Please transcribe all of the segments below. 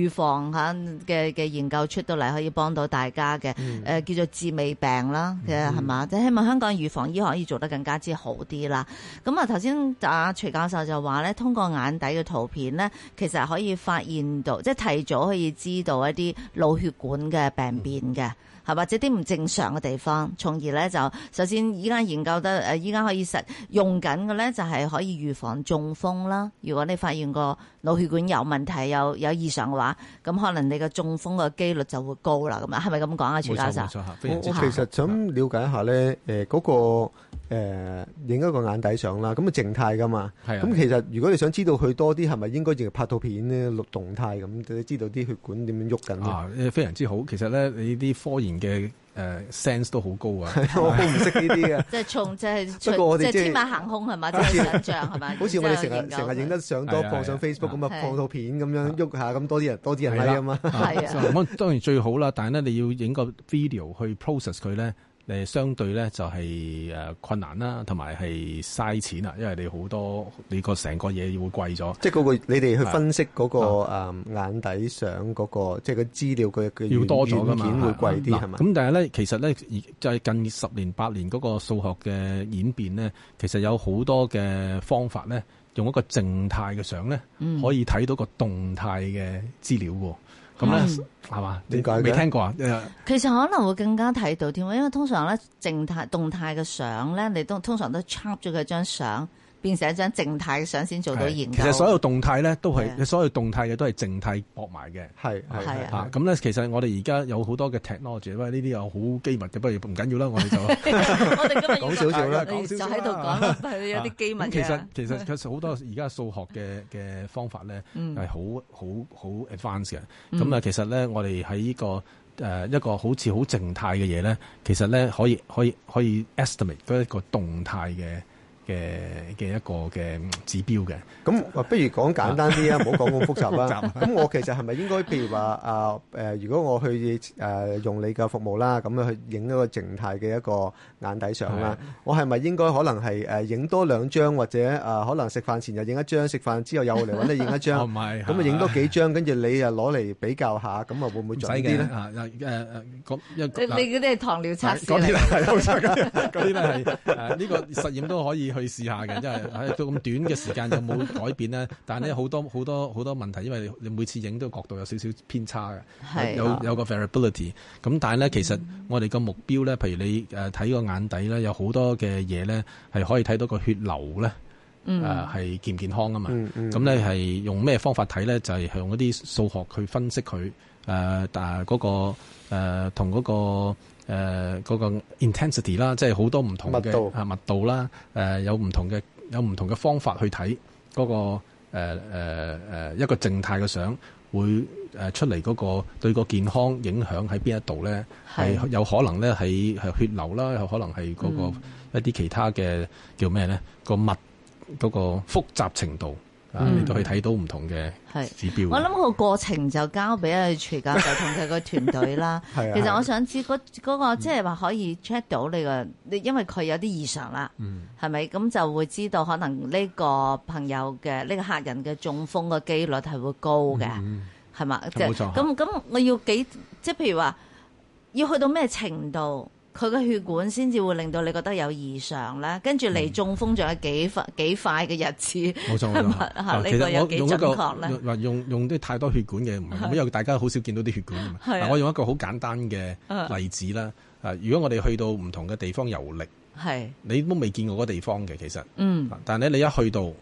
預防吓嘅嘅研究出到嚟，可以幫到大家嘅，誒、嗯呃、叫做治未病啦，係咪嘛，即係希望香港預防醫學可以做得更加之好啲啦。咁啊，頭先阿徐教授就話咧，通過眼底嘅圖片咧，其實可以發現到，即係提早可以知道一啲腦血管嘅病變嘅。係或者啲唔正常嘅地方，從而咧就首先依家研究得誒，依、呃、家可以實用緊嘅咧，就係可以預防中風啦。如果你發現個腦血管有問題有有異常嘅話，咁可能你個中風嘅機率就會高啦。咁啊，係咪咁講啊，徐教授？冇錯冇錯。我其實想了解一下咧，誒、呃、嗰、那個。誒、呃、影一個眼底相啦，咁啊靜態噶嘛，咁、啊、其實如果你想知道佢多啲，係咪應該直接拍套片咧錄動態咁，就知道啲血管點樣喐緊啊？非常之好，其實咧你啲科研嘅 sense 都好高啊！我唔識呢啲嘅，即係從即係不過我哋即係天馬行空係嘛，即係想像係咪？好似我哋成日成日影得相多，放上 Facebook 咁啊，放套、啊啊啊、片咁樣喐、啊、下，咁、啊、多啲人、啊、多啲人睇咁嘛、啊。係啊， 當然最好啦，但係咧你要影個 video 去 process 佢咧。相對咧就係誒困難啦，同埋係嘥錢啦，因為你好多你個成個嘢會貴咗。即係、嗰個你哋去分析嗰個眼底相嗰、嗰個，嗯、即係個資料嘅嘅要多咗㗎嘛。圖片會貴啲係咪？咁但係咧，其實咧就係、是、近十年八年嗰個數學嘅演變咧，其實有好多嘅方法咧，用一個靜態嘅相咧，可以睇到個動態嘅資料喎。咁咧係嘛？點解嘅？未聽過啊！其實可能會更加睇到添，因為通常咧靜態、動態嘅相咧，你都通常都插咗佢張相。變成一張靜態嘅相先做到研究，其實所有動態咧都係，所有動態嘅都係靜態博埋嘅，係係啊。咁咧、啊，其實我哋而家有好多嘅 technology，不過呢啲有好機密嘅，不如唔緊要啦，我哋就 我哋今日講少少啦，就喺度講 有啲機密嘅、啊。其實其實有好多而家數學嘅嘅方法咧係好好好 advanced 嘅。咁啊，其實咧、嗯嗯、我哋喺呢個誒、呃、一個好似好靜態嘅嘢咧，其實咧可以可以可以 estimate 都一個動態嘅。嘅嘅一個嘅指標嘅，咁不如講簡單啲啊，唔好講咁複雜啦。咁我其實係咪應該，譬如話啊，誒，如果我去誒用你嘅服務啦，咁樣去影一個靜態嘅一個眼底相啦，我係咪應該可能係誒影多兩張，或者誒可能食飯前又影一張，食飯之後又嚟揾你影一張，唔係，咁啊影多幾張，跟住你又攞嚟比較下，咁啊會唔會準啲咧？誒誒，咁你你嗰啲係糖尿測試嚟，嗰啲係，嗰啲係，呢個實驗都可以去。去試下嘅，因為喺都咁短嘅時間就冇改變咧？ 但係咧，好多好多好多問題，因為你每次影都角度有少少偏差嘅，有有個 variability。咁但係咧，其實我哋個目標咧，譬如你誒睇個眼底咧，有好多嘅嘢咧係可以睇到個血流咧，誒係健唔健康啊嘛。咁咧係用咩方法睇咧？就係、是、用嗰啲數學去分析佢誒，但係嗰個同嗰個。呃誒、呃、嗰、那個 intensity 啦，即係好多唔同嘅密度啦、呃，有唔同嘅有唔同嘅方法去睇嗰、那個誒誒、呃呃、一個靜態嘅相會出嚟嗰、那個對個健康影響喺邊一度咧？係有可能咧喺係血流啦，有可能係、那個、嗯、一啲其他嘅叫咩咧？那個密個複雜程度。嗯、你都去睇到唔同嘅指標。我諗個過程就交俾阿徐教授同佢個團隊啦、 啊。其實我想知嗰、啊嗰個即係話可以 check 到你個，你、嗯、因為佢有啲異常啦，係咪咁就會知道可能呢個朋友嘅呢、呢個客人嘅中風嘅機率係會高嘅，係、嗯、嘛？冇錯。咁咁我要幾即係譬如話要去到咩程度？佢嘅血管先至會令到你覺得有異常啦。跟住嚟中風仲有幾快幾快嘅日子，嗯，冇錯。嚇，呢個有幾準確咧？用用啲太多血管嘅，唔係，因為大家好少見到啲血管嘅嘛。嗱，我用一個好簡單嘅例子啦。如果我哋去到唔同嘅地方遊歷，你都未見過嗰地方嘅，其實，嗯，但係你一去到，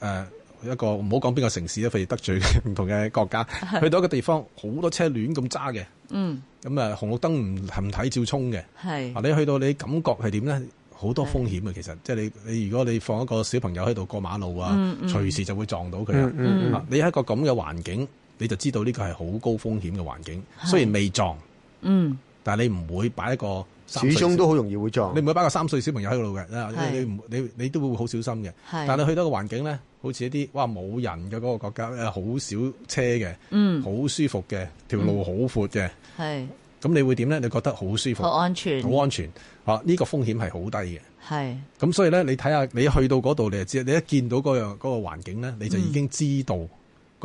呃一個唔好講邊個城市都，譬如得罪唔同嘅國家。去到一個地方，好多車亂咁揸嘅，嗯，咁啊紅綠燈唔唔睇，照衝嘅，係你去到你感覺係點咧？好多風險嘅，其實即係你你如果你放一個小朋友喺度過馬路啊、隨、嗯嗯、時就會撞到佢啊、嗯嗯嗯。你喺一個咁嘅環境，你就知道呢個係好高風險嘅環境。雖然未撞，嗯，但係你唔會擺一個。始終都好容易會撞，你唔會擺個三歲小朋友喺度嘅，你唔你你都會好小心嘅。但係你去到個環境咧，好似一啲哇冇人嘅嗰個國家，誒好少車嘅，嗯，好舒服嘅，條路好闊嘅，係、嗯、咁你會點咧？你覺得好舒服，好安全，好安全啊？呢、這個風險係好低嘅，係咁所以咧，你睇下你去到嗰度你就知，你一見到嗰樣嗰個環、那個、境咧，你就已經知道。嗯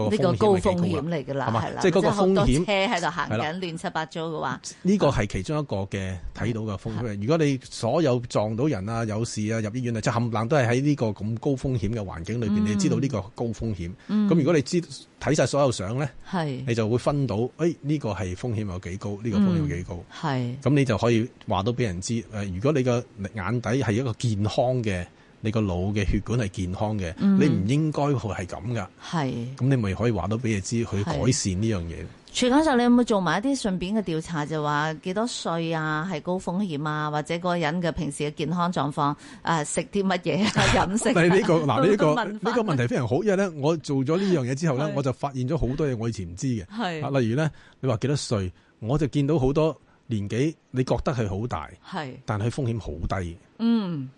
呢個高，高風險嚟㗎啦，係啦，即係嗰個風險。車喺度行緊，亂七八糟嘅話，呢個係其中一個嘅睇到嘅風險的。如果你所有撞到人啊、有事啊、入醫院啊，即係冚唪唥都係喺呢個咁高風險嘅環境裏邊、嗯，你知道呢個高風險。咁、嗯、如果你知睇晒所有相咧，係你就會分到，誒、哎、呢、呢個係風險有幾高？呢、呢個風險有幾高？係、嗯、咁，那你就可以話到俾人知。誒，如果你個眼底係一個健康嘅。你個腦嘅血管係健康嘅、嗯，你唔應該會係咁噶。係，咁你咪可以話到俾你知，去改善呢樣嘢。徐教授，你有冇做埋一啲順便嘅調查，就話幾多歲啊，係高風險啊，或者個人嘅平時嘅健康狀況，啊啊、食啲乜嘢飲食？呢、 呢個嗱，呢、呢個呢、呢個問題非常好，因為咧，我做咗呢樣嘢之後咧，我就發現咗好多嘢，我以前唔知嘅。係，例如咧，你話幾多歲，我就見到好多年紀，你覺得係好大，係，但係風險好低。嗯。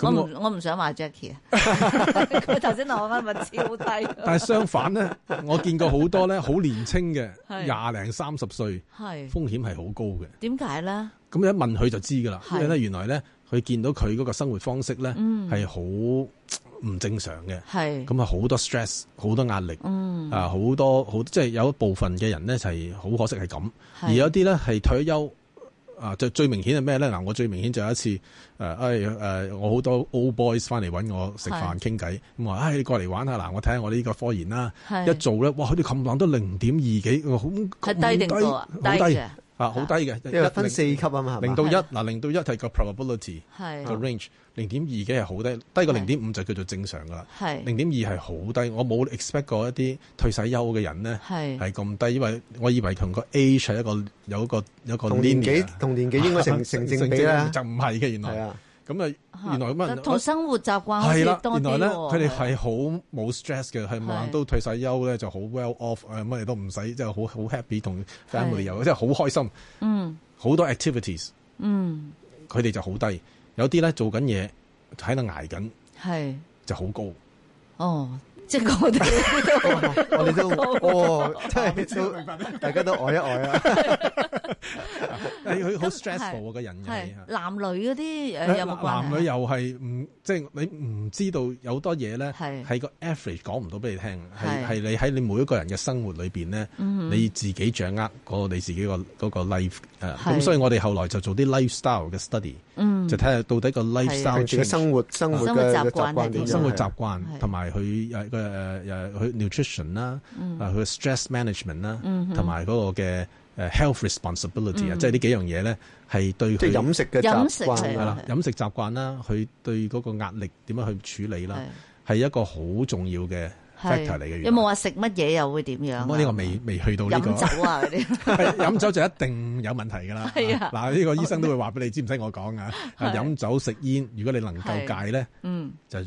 我唔我唔想話 Jackie 他才拿回啊！佢頭先同我講話超低，但係相反咧， 我見過好多咧好年輕嘅廿零三十歲是，風險係好高嘅。點解咧？咁一問佢就知㗎啦，因為咧，原來咧，佢見到佢嗰個生活方式咧係好唔正常嘅，咁啊好多 stress 好多壓力啊好、嗯、多好即係有一部分嘅人咧就係好可惜係咁，而有啲咧係退休。啊！就最明顯係咩咧？嗱，我最明顯就有一次，誒、哎、我好多 old boys 翻嚟揾我食飯傾偈，咁話：你過嚟玩下，嗱，我睇下、哎、我呢個科研啦。一做咧，哇！佢哋冚棒都零點二幾，我好係低定高啊？好好低。低啊，好低嘅，一分四級啊嘛，零到一嗱，零到一係個 probability，個 range，零點二嘅係好低，低過零點五就叫做正常噶啦，零點二係好低，我冇 expect 過一啲退曬休嘅人咧係咁低，因為我以為同個 age 係一個有一個有一個年紀同年紀應該成成正比啦，就唔係嘅原來。咁啊，原來咁同生活習慣好啲原來呢，佢哋係好冇 stress 嘅，係晚都退晒休咧，就好 well off，乜嘢都唔使，即係好好 happy 同 family 又即係好開心。嗯，好多 activities。嗯，佢哋就好低，有啲咧做緊嘢喺度捱緊，係就好高。哦，即係我哋、 哦，我哋都 哦，即係都大家都捱、呃、一捱、呃、啊。 佢 好 stressful 嘅人嘅，男女嗰啲誒，有冇男女又係唔，即係你唔知道有好多嘢咧，係個 average 講唔到俾你聽，係，係你喺你每一個人嘅生活裏邊咧、嗯，你自己掌握個你自己個、嗰個 life 咁、啊、所以我哋後來就做啲 lifestyle 嘅 study、嗯、就睇下到底個 lifestyle，自己生活生活嘅習慣，生活習慣，同埋佢誒誒誒佢 nutrition 啦、嗯，佢、uh，stress management 啦、嗯，同埋嗰個嘅。誒 health responsibility 啊、嗯，即係呢幾樣嘢咧，係對佢飲食嘅飲食啦，飲食習慣啦，佢對嗰個壓力點樣去處理啦，係一個好重要嘅 factor 嚟嘅。有冇話食乜嘢又會點樣？呢、嗯呢個未未去到呢、呢個酒啊， 飲酒就一定有問題㗎啦。嗱、啊，呢、啊呢個醫生都會話俾你、啊、知，唔使我講啊。飲酒食煙，如果你能夠戒咧，嗯，就。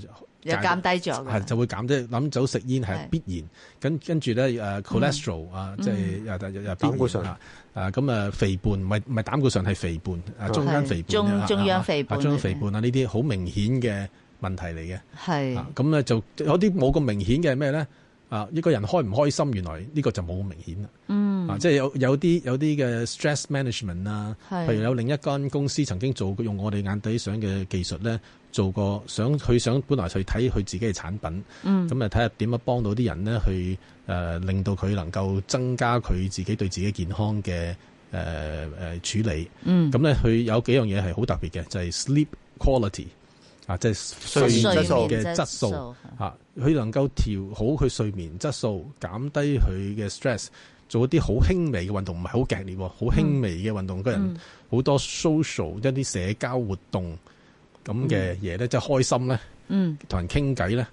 又減低咗，係就會減即諗、就是、走食煙係必然，跟跟住咧誒 cholesterol 啊，即係又又膽固醇啦，咁啊，啊肥胖，唔係唔係膽固醇係肥胖，中間肥胖，中中央肥胖，中央肥胖啊，呢啲好明顯嘅問題嚟嘅，係咁咧就有啲冇咁明顯嘅咩咧？啊！一個人開唔開心，原來呢個就冇咁明顯啦。嗯。啊，即、就、係、是、有有啲有啲嘅 stress management 啊。譬如有另一間公司曾經做過用我哋眼底想嘅技術咧，做過想佢想本來去睇佢自己嘅產品。嗯。咁啊睇下點樣幫到啲人咧去誒、呃、令到佢能夠增加佢自己對自己健康嘅誒誒處理。嗯。咁咧佢有幾樣嘢係好特別嘅，就係、是、sleep quality 啊，即係睡眠嘅質素嚇。佢能夠調好佢睡眠質素，減低佢嘅 stress，做一啲好輕微嘅運動，唔係好激烈，好輕微嘅運動。個、嗯、人好多 social 一啲社交活動咁嘅嘢咧，即係開心咧，同、嗯、人傾偈咧，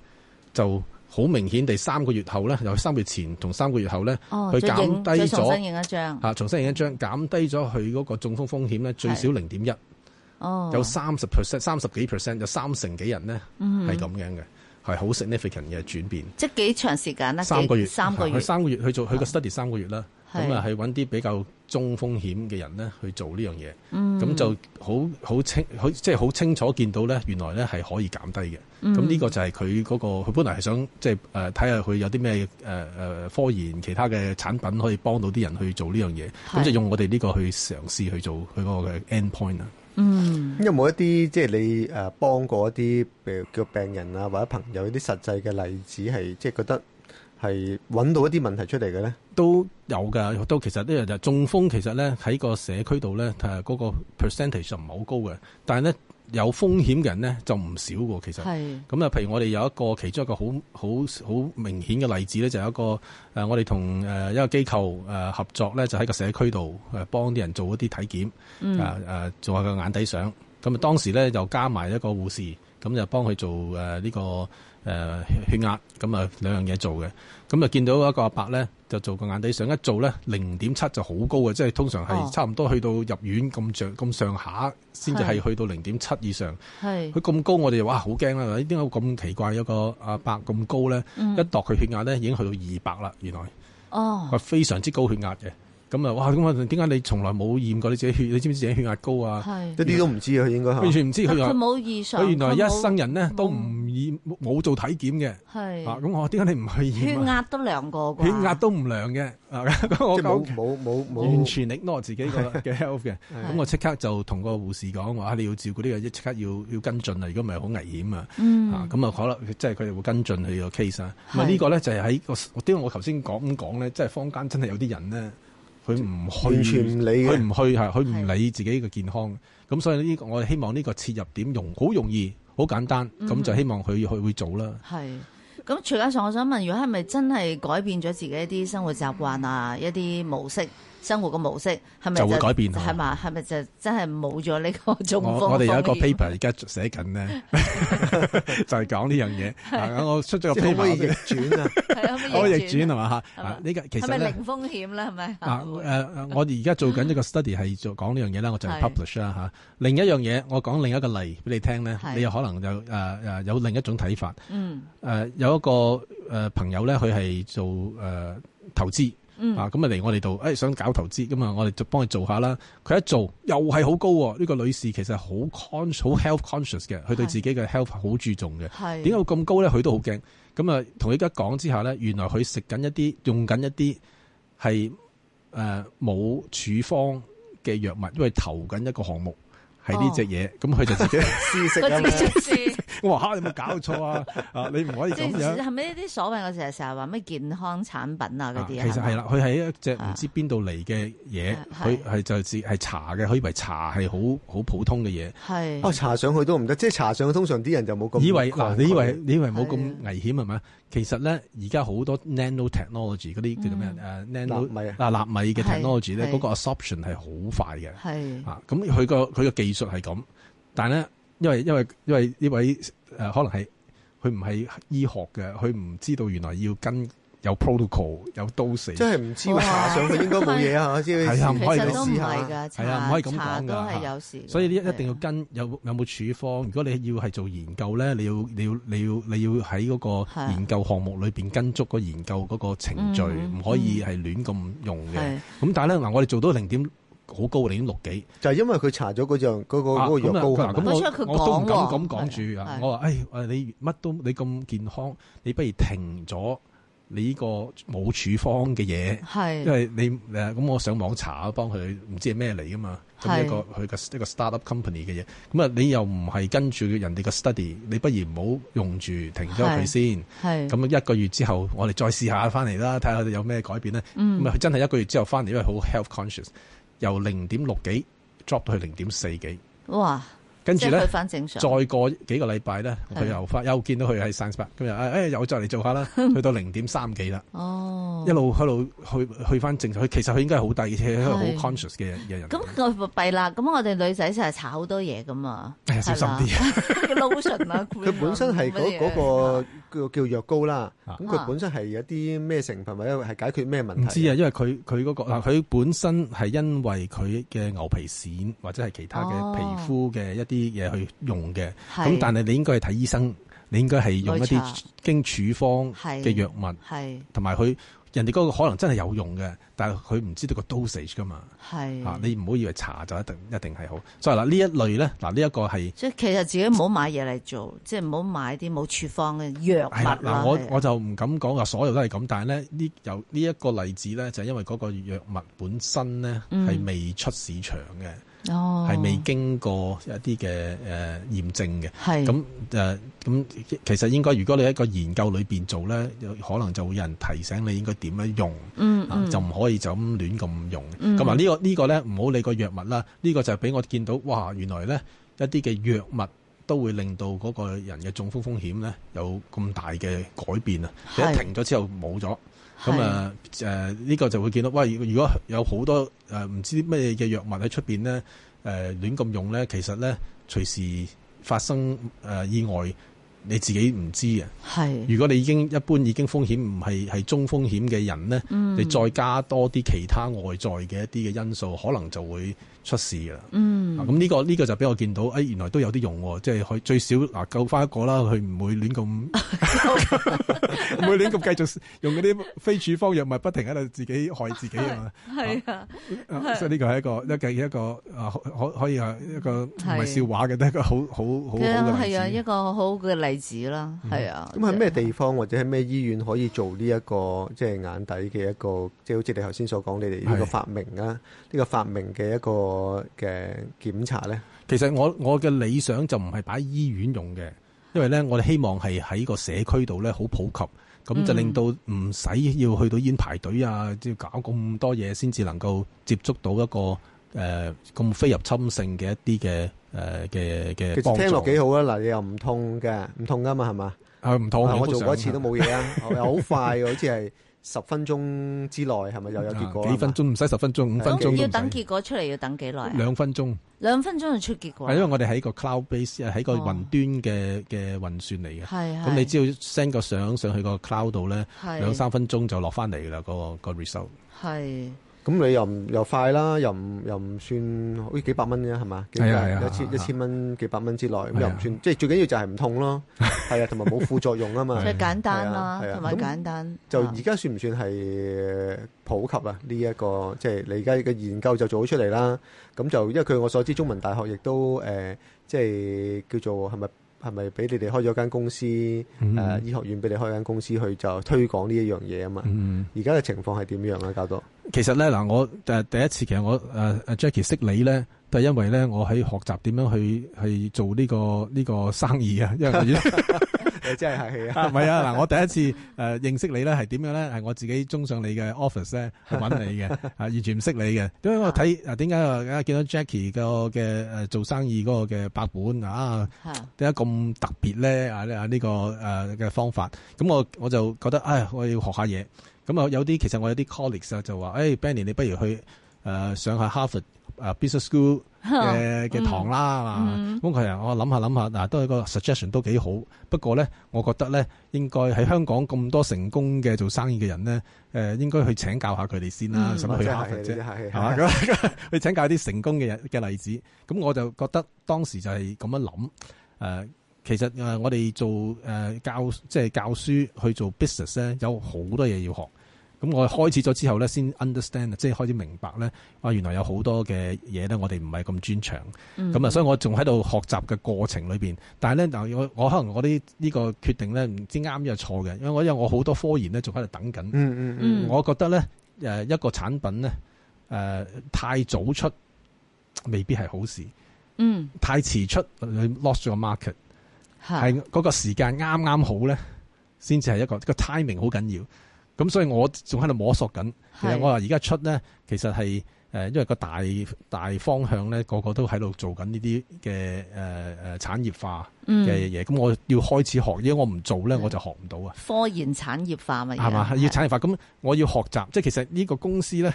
就好明顯地三個月後咧，由三個月前同三個月後咧，佢、哦、減低咗，重新影一張嚇，重新影一張，減低咗佢嗰個中風風險咧，最少零點一，哦，有三十 percent，三十幾 percent，有三成幾人咧，嗯，係咁樣嘅。係好 significant 嘅轉變，即係幾長時間咧？三個月，三個月，佢三個月去做佢個 study 三個月啦。咁、哦、啊，係揾啲比較中風險嘅人咧去做呢、嗯、樣嘢。咁就好好清，即係好清楚見到咧，原來咧係可以減低嘅。咁、嗯、呢個就係佢嗰個，佢本嚟係想即係誒睇下佢有啲咩誒誒科研其他嘅產品可以幫到啲人去做呢樣嘢。咁就用我哋呢個去嘗試去做佢嗰個 endpoint 啦。嗯，有冇一啲即係你誒幫過一啲，譬如叫病人啊或者朋友一啲實際嘅例子係即係覺得係揾到一啲問題出嚟嘅咧？都有㗎，都其實呢樣就係中風，其實咧喺個社區度咧，係、那、嗰個 percentage 唔係好高嘅，但係咧。有風險嘅人咧就唔少喎，其實。係。咁啊，譬如我哋有一個其中一個好好好明顯嘅例子咧，就有、是、一個誒、呃，我哋同誒一個機構誒、呃、合作咧，就喺個社區度誒幫啲人做一啲體檢，誒、嗯、誒、呃、做下個眼底相。咁啊，當時咧就加埋一個護士，咁就幫佢做誒呢、呃這個。誒、呃、血壓，咁啊兩樣嘢做嘅。咁、嗯、啊見到一個阿伯咧，就做個眼底相，一做咧，零點七，就好高嘅。即係通常係差唔多去到入院咁上咁上下先至係去到零點七以上。係佢咁高，我哋哇好驚啦！咦，點解咁奇怪，有個阿伯咁高咧？一度佢、嗯、血壓咧已經去到二百啦，原來哦，非常之高血壓嘅。咁啊哇！咁點解你從來冇驗過你自己血？你知唔知自己血壓高啊？一啲都唔知啊，應該係完全唔知，佢冇異常，佢原來一生人咧都唔。冇做體檢嘅，咁我，點解你唔去，血壓都量過，血壓都唔量嘅。咁我冇冇冇完全 ignore 我自己嘅嘅 health 嘅。咁我即刻就同個護士講話，啊，你要照顧呢個，即刻要要跟進啊！如果唔係好危險啊！啊，咁啊，可能，即係佢哋會跟進佢個 case 啊。咁呢個咧就係喺個，因為我頭先講講咧，即係坊間真係有啲人咧，佢唔去，完全唔理，佢唔去係佢唔理自己嘅健康。咁所以呢個我係希望呢個切入點容好容易。好簡單，咁、嗯、就希望佢佢會做啦。係，咁除咗上，我想問，如果係咪真係改變咗自己一啲生活習慣啊，一啲模式？生活嘅模式係咪就，就會改變？係嘛？係咪就真係冇咗呢個中？我我哋有一個 paper 而家寫緊呢， 就係講呢樣嘢。我出咗個 paper，可逆轉啊！ 逆轉係嘛吓？呢、啊這個其實咧，係咪零風險咧？係咪啊？誒、呃，我而家做緊一個 study 係做講呢樣嘢咧， 我就 publish 啦、啊、吓、啊。另一樣嘢，我講另一個例俾你聽咧，你有可能就誒誒有另一種睇法。嗯。誒、呃，有一個誒、呃、朋友咧，佢係做誒、呃、投資。嗯、啊，咁啊嚟我哋度，誒、欸、想搞投資咁啊，我哋就幫佢做下啦。佢一做又係好高喎。呢個女士其實好 conscious，好 health conscious 嘅，佢對自己嘅 health 好注重嘅。係點解咁高呢？佢都好驚。咁啊，同佢家講之下呢，原來佢食緊一啲，用緊一啲係誒冇處方嘅藥物，因為投緊一個項目係呢隻嘢，咁佢、哦、就自己 試食吃、啊 哇，你有冇搞錯啊？ 啊，你唔可以咁樣。即係咪啲所謂我成日成日話咩健康產品啊嗰啲啊？其實係啦，佢係一隻唔知邊度嚟嘅嘢，佢就係搽嘅，佢以為搽係好好普通嘅嘢。係。哦、啊，搽上去都唔得，即係搽上去通常啲人就冇咁。以為嗱、啊，你以為你以為冇咁危險係咪？其實咧，而家好多 nano、嗯 uh, 啊、technology 嗰啲叫做咩？nano 嗱納米嘅 technology 咧，嗰、那個 absorption 係好快嘅。係。咁佢個佢個技術係咁，但係咧。因為因為因為呢位誒、呃、可能係佢唔係醫學嘅，佢唔知道原來要跟有 protocol 有 dosage 即係唔知、哦啊、查上去應該冇嘢啊，啊，我知係啊，唔可以亂試下，係啊，唔可以咁講㗎。所以呢一定要跟有有冇處方。如果你要係做研究咧，你要你要你要你要喺嗰個研究項目裏面跟足個研究嗰個程序，唔、啊、可以係亂咁用嘅。咁、嗯啊、但係咧嗱，我哋做到零點。好高，你已經六幾就係、是、因為佢查咗嗰隻嗰個藥膏，佢我都唔敢咁講住啊。啊我，我話我：哎，你乜都你咁健康，你不如停咗你呢個冇處方嘅嘢，因為你誒咁、嗯、我上網查啊，幫佢唔知係咩嚟噶嘛？咁一個佢嘅一個 start up company 嘅嘢咁啊，你又唔係跟住人哋嘅 study，你不如唔好用住停咗佢先。係咁一個月之後我哋再試下翻嚟啦，睇下佢哋有咩改變咧。咁、嗯、啊，真係一個月之後翻嚟，因為好 health conscious。由零點六幾 drop 到去零點四幾，哇！跟住咧，再過幾個禮拜咧，佢又發，又見到佢喺上升。今日誒，又再嚟做下啦，去到零點三幾啦。哦，一路喺度去去翻正常。佢其實佢應該係好低，而且係好 conscious 嘅人人。咁就弊啦。咁我哋女仔成日搽好多嘢㗎嘛，小心啲。Lotion 啊，佢本身係嗰嗰個，叫叫藥膏啦，咁佢本身係有啲咩成分，或者係解決咩問題？唔知啊，因為佢佢嗰個啊，佢本身係因為佢嘅牛皮癬，或者係其他嘅皮膚嘅一啲嘢去用嘅。咁、哦、但係你應該係睇醫生，你應該係用一啲經處方嘅藥物，同埋佢。人哋嗰個可能真係有用嘅，但係佢唔知道個 dosage 噶嘛。係、啊，你唔好以為茶就一定一定係好。所以嗱，呢一類咧，嗱呢一個係即係其實自己唔好買嘢嚟做，即係唔好買啲冇處方嘅藥物。係啦，嗱，我我就唔敢講話所有都係咁，但係咧呢有呢一個例子咧，就係、因為嗰個藥物本身咧係、嗯、未出市場嘅。哦，係未經過一啲嘅誒驗證嘅，咁誒咁其實應該，如果你喺個研究裏邊做咧，可能就會有人提醒你應該點樣用，啊、嗯嗯、就唔可以就咁亂咁用。咁啊呢個呢個咧唔好理個藥物啦，呢、呢個就係俾我見到，哇原來咧一啲嘅藥物，都會令到嗰個人嘅中風風險呢，有咁大嘅改變啊！一停咗之後冇咗，咁啊誒呢個就會見到，喂！如果有好多誒唔知咩嘅藥物喺出邊呢誒亂咁用呢，其實呢，隨時發生誒意外，你自己唔知嘅。係，如果你已經一般已經風險唔係係中風險嘅人呢，你再加多啲其他外在嘅一啲嘅因素，可能就會出事啊！嗯，咁、啊、呢、這個呢、這個就俾我見到，誒、哎，原來都有啲用、啊，即係去最少嗱，救、啊、翻一個啦，佢唔會亂咁，唔 會亂咁繼續用嗰啲非處方藥物，不停喺度自己害自己 啊嘛。係啊，啊，啊，啊，所以呢個係一個一一個啊，可可可以係一個唔係笑話嘅，一個好好好好嘅例子。係啊，咁喺咩地方或者係咩醫院可以做呢、這、一個即係、就是、眼底嘅一個，即係好似你頭先所講，你哋呢個發明啊，呢、這個發明嘅一個。個嘅檢查咧，其實我我嘅理想就唔係擺醫院用嘅，因為咧我哋希望係喺個社區度咧好普及，咁就令到唔使要去到醫院排隊啊，即係搞咁多嘢先至能夠接觸到一個誒咁非入侵性嘅一啲嘅誒嘅嘅。其實聽落幾好啊，嗱，你又唔痛嘅，唔痛噶嘛，係嘛？啊，唔痛。我做過一次都冇嘢啊，又好快，好似係。十分鐘之內係咪又有結果？啊、幾分鐘唔使十分鐘，吧五分鐘。要等結果出嚟要等幾耐？兩分鐘。兩分鐘就出結果啦。係因為我哋喺個 cloud base 喺個雲端嘅嘅運算嚟嘅。係係、哦。咁你只要 send 個相上去個 cloud 度咧，兩三是分鐘就落翻嚟啦，嗰個、嗰個 result。係。咁你又唔又快啦，又唔又唔算好似、哎、幾百蚊啫，係嘛？幾百 yeah, yeah, 一千、yeah. 一千蚊幾百蚊之內，咁又唔算。即係最緊要就係唔痛咯，係 啊，同埋冇副作用啊嘛。最簡單啦、啊，同埋、啊啊、簡單就而家算唔算係普及啊？呢、這、一個即係、就是、你而家嘅研究就做好出嚟啦。咁就因為據我所知中文大學亦都即係、呃就是、叫做係咪係咪俾你哋開咗間公司誒、嗯啊、醫學院俾你開一間公司去就推廣呢一樣嘢啊嘛。而家嘅情況係點樣啊？搞到。其實咧嗱，我誒第一次，其實我誒誒、啊、Jackie 識你咧，都係因為咧我喺學習點樣去去做呢、這個呢、這個生意啊，因為。 你真係客氣啊，唔係啊嗱，我第一次誒認識你咧，係點樣咧？係我自己中上你嘅 office 咧去揾你嘅，啊 完全唔識你嘅。點解我睇啊？點解啊？見到 Jackie 嘅嘅誒做生意嗰個嘅版本啊，點解咁特別咧？啊啊呢個誒嘅方法，咁我我就覺得，唉、哎，我要學下嘢。咁啊，有啲其實我有啲 colleagues 啊，就、哎、話：，誒 Benny 你不如去誒、呃、上下哈佛誒 business school 嘅嘅堂啦。咁其啊我諗下諗下，嗱都係個 suggestion 都幾好。不過咧，我覺得咧應該喺香港咁多成功嘅做生意嘅人咧，誒、呃、應該去請教下佢哋先啦，使、嗯、乜去哈佛啫？係嘛？啊、 去請教啲成功嘅人嘅例子。咁我就覺得當時就係咁樣諗。誒、呃、其實誒、呃、我哋做誒、呃、教即係教書去做 business 咧，有好多嘢要學。咁我開始咗之後咧，先 understand，即係開始明白咧。原來有好多嘅嘢咧，我哋唔係咁專長。咁、嗯、啊，所以我仲喺度學習嘅過程裏邊。但係咧，嗱，我我可能我啲呢個決定咧，唔知啱又係錯嘅，因為因為我好多科研咧，仲喺度等緊。嗯嗯嗯。我覺得咧，一個產品咧，太早出未必係好事。嗯。太遲出你 lost 咗個 market。係。嗰、嗯、個時間啱啱好咧，先至係一個個 timing 好緊要。咁所以，我仲喺度摸索緊。其實我話而家出咧，其實係誒，因為個大大方向咧，個個都喺度做緊呢啲嘅誒誒產業化嘅嘢。咁、嗯、我要開始學，因為我唔做咧，我就學唔到啊。科研產業化咪？係嘛？要產業化，咁我要學習。即係其實呢個公司咧，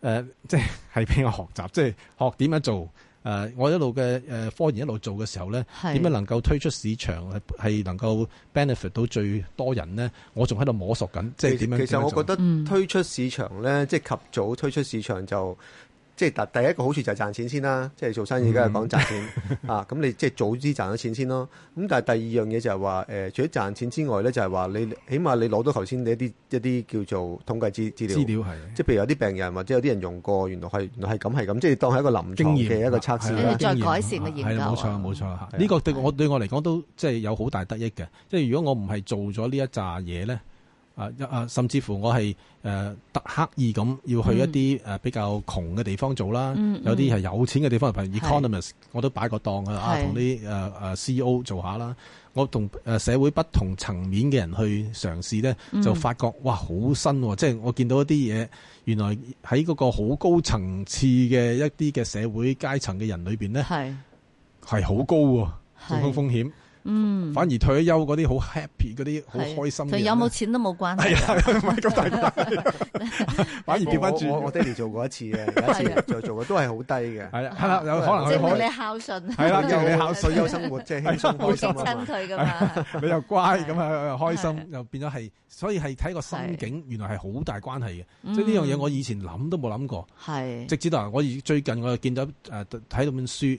誒，即係係俾我學習，即係學點樣做。誒，我一路嘅誒科研一路做嘅時候咧，點樣能夠推出市場係係能夠 benefit 到最多人咧？我仲喺度摸索緊，即係點樣？其實我覺得推出市場咧，嗯，即係及早推出市場就。即係第第一個好處就係賺錢先啦，即係做生意梗係講賺錢、嗯、啊！咁 你即係早啲賺咗錢先咯。咁但係第二樣嘢就係話誒，除咗賺錢之外咧，就係話你起碼你攞到頭先一啲一啲叫做統計資料資料資料係，即係譬如有啲病人或者有啲人用過，原來係原來係咁係咁，即、就、係、是、當係一個臨牀嘅一個測試，的的再改善嘅研究係啦，冇錯冇錯。呢、這個對我對我嚟講都即係有好大得益嘅。即係如果我唔係做咗呢一扎嘢咧。啊一啊甚至乎我係誒特刻意咁要去一啲誒比較窮嘅地方做啦，嗯、有啲係有錢嘅地方，譬、嗯嗯、如 economist，我都擺個檔啊，同啲誒誒 CEO 做下啦。我同誒社會不同層面嘅人去嘗試咧、嗯，就發覺哇好新喎、啊！即、就、係、是、我見到一啲嘢，原來喺嗰好高層次嘅一啲嘅社會階層嘅人裏邊咧，係係好高嘅、啊、風險。嗯，反而退休嗰啲好 happy，嗰啲好開心的。佢有冇錢都冇關係。係啊，唔係咁大。 反而調翻轉，我爹哋做過一次嘅，第一次就做嘅都係好低嘅。係啊，係啦，有、啊啊、可能即係、就是、你孝順。係啦、啊、又、就是、你孝順，退休生活即係輕鬆好多嘛。冇驚親佢噶嘛，你又乖，咁啊開心，又變咗係，所以係睇個心境，是啊、原來係好大關係嘅。即係呢樣嘢，以我以前諗都冇諗過。係、啊啊。直至到我最近我又見到誒睇到本書。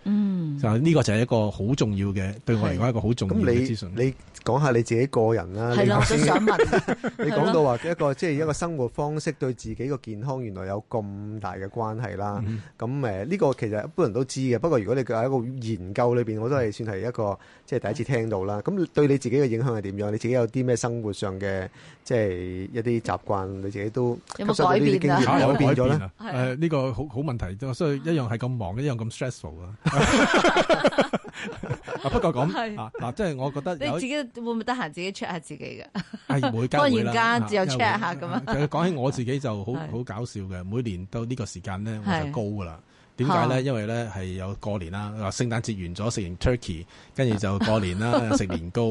嗯，就呢個就係一個好重要嘅，對我嚟講一個好重要嘅資訊。你講下你自己個人啦。係啦，我想問，你講到話一個即係一個生活方式對自己個健康原來有咁大嘅關係啦。咁誒呢個其實一般人都知嘅。不過如果你喺一個研究裏邊，我都係算係一個即係第一次聽到啦。咁對你自己嘅影響係點樣？你自己有啲咩生活上嘅即係一啲習慣，你自己都有冇改變啊？改變咗啦。誒呢個好好問題，都所以一樣係咁忙，一樣咁 stressful 啊。啊 不過咁啊，即係我覺得你自己會唔會得閒自己 check 下自己㗎？係、 哎，忽然間有 check 下咁啊！講、 啊、起我自己就好 好搞笑嘅，每年到呢個時間咧，我就高㗎喇。點解咧？因為咧係有過年啦，話聖誕節完咗，食完 turkey，跟住就過年啦，食 年糕、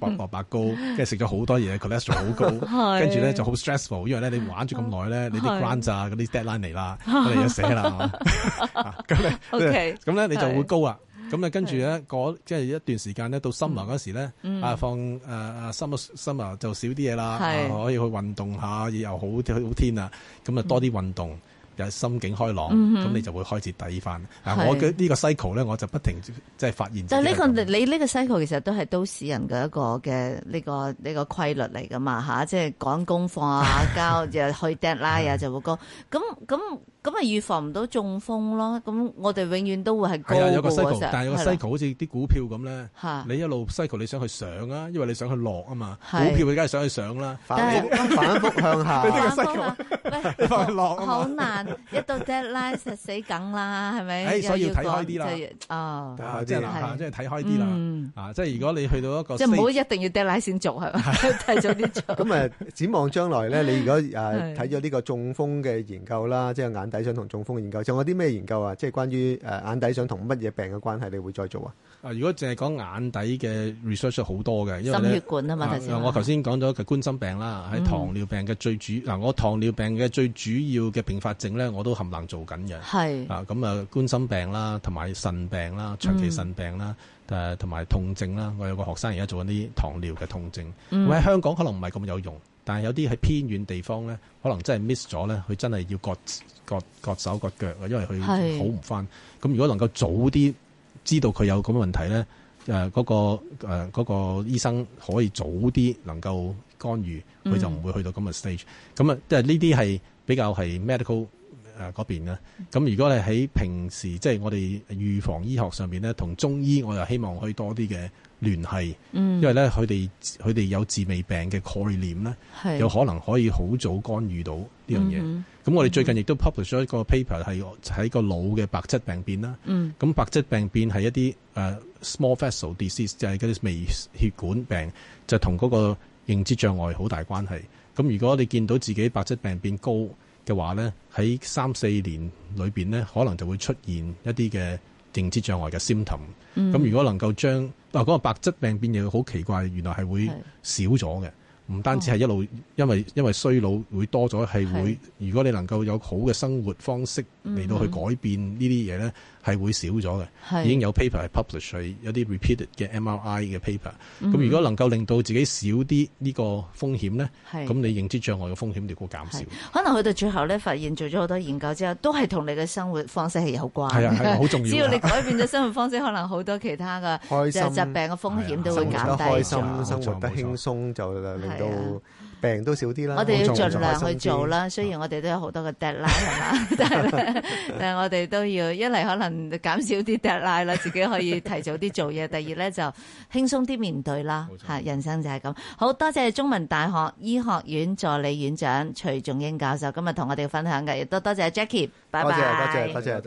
白蘿蔔糕，跟住食咗好多嘢，cholesterol 好高，跟住咧就好 stressful，因為咧你玩咗咁耐咧，你啲 grant 啊、嗰啲 deadline 嚟啦，你要寫啦，咁咧咁咧你就會高啊，咁咧跟住咧嗰即係一段時間咧到 summer 嗰時咧、嗯，啊放 summer 就少啲嘢啦，可以去運動下，又好好天啊，咁啊多啲運動。有心境開朗，咁、嗯、你就會開始抵翻。我呢個 cycle 咧，我就不停即係發現。就呢、呢個你呢個 cycle 其實都係都市人嘅一個嘅呢個呢個,個規律嚟噶嘛嚇、啊，即係趕功課啊、交 又去 deadline 又去就會高。咁咁咁咪預防唔到中風咯。咁我哋永遠都會係係有個 cycle，但係個 cycle 好似啲股票咁咧你一路 cycle 你想去上啊，因為你想去落啊嘛。股票你梗係想去上啦、啊，反覆 反覆向下，向下 你翻去落好難。 覆 一到 deadline 就死梗啦，係咪、欸？所以要睇開啲啦，哦，即係睇開啲啦，啊，即係如果你去到一個時，即係唔好一定要 deadline 先做係嘛？是 提早啲點做。 咁、呃、啊，展望將來咧，你如果誒睇咗呢個中風嘅研究啦，即係眼底想同中風研究，仲有啲咩研究啊？即係關於誒眼底想同乜嘢病嘅關係，你會再做啊？啊，如果淨係講眼底嘅 research 好多嘅，心血管啊嘛、呃，我頭先講咗佢冠心病啦，喺糖尿病嘅最主嗱、嗯呃，我糖尿病嘅最主要嘅併發症。咧我都冚能做緊嘅，啊咁啊冠心病啦，同埋腎病啦，長期腎病啦，誒同埋痛症啦。我有個學生而家做緊啲糖尿嘅痛症，我喺、嗯、香港可能唔係咁有用，但係有啲喺偏遠地方咧，可能真係 miss 咗咧，佢真係要割割割，割手割腳啊，因為佢好唔翻。咁如果能夠早啲知道佢有咁嘅問題咧，誒、呃、嗰、嗰個誒嗰、呃嗰個、醫生可以早啲能夠干預，佢就唔會去到咁嘅 stage。咁、嗯、啊，即係呢啲係比較係 medical。嗰邊咁如果你喺平時即係、就是、我哋預防醫學上面咧，同中醫我又希望可以多啲嘅聯繫，嗯、因為咧佢哋佢哋有治未病嘅概念咧，有可能可以好早干預到呢樣嘢。咁、嗯嗯、我哋最近亦都 publish 咗一個 paper 係喺個腦嘅白質病變啦。咁、嗯、白質病變係一啲、uh, small vessel disease，就係嗰啲微血管病，就同嗰個認知障礙好大關係。咁如果你見到自己白質病變高，嘅話咧，喺三四年裏邊咧，可能就會出現一啲嘅認知障礙嘅心透。咁如果能夠將啊個白質病變又好奇怪，原來係會少咗嘅。唔單止係一路，因為因為衰老會多咗，係會。如果你能夠有好嘅生活方式嚟到去改變呢啲嘢咧，係、嗯、會少咗嘅。已經有 paper 係 publish 去有啲 repeated 嘅 MRI 嘅 paper。咁、嗯、如果能夠令到自己少啲呢個風險咧，咁、嗯、你認知障礙嘅風險亦會減少。可能去到最後咧，發現做咗好多研究之後，都係同你嘅生活方式係有關嘅，係啊，好重要。只要你改變咗生活方式， 可能好多其他嘅疾病嘅風險都會減低。開心、開心。開心，生活得輕鬆就。到病都少啲啦，我哋要盡量去做啦。雖然我哋都有好多嘅 deadline，係嘛，但係我哋都要一嚟可能減少啲 deadline 啦， 自己可以提早啲做嘢。第二咧就輕鬆啲面對啦，吓人生就係咁。好多謝中文大學醫學院助理院長徐仲锳教授今日同我哋分享嘅，亦都多謝 Jackie，拜拜。多謝多謝多謝多謝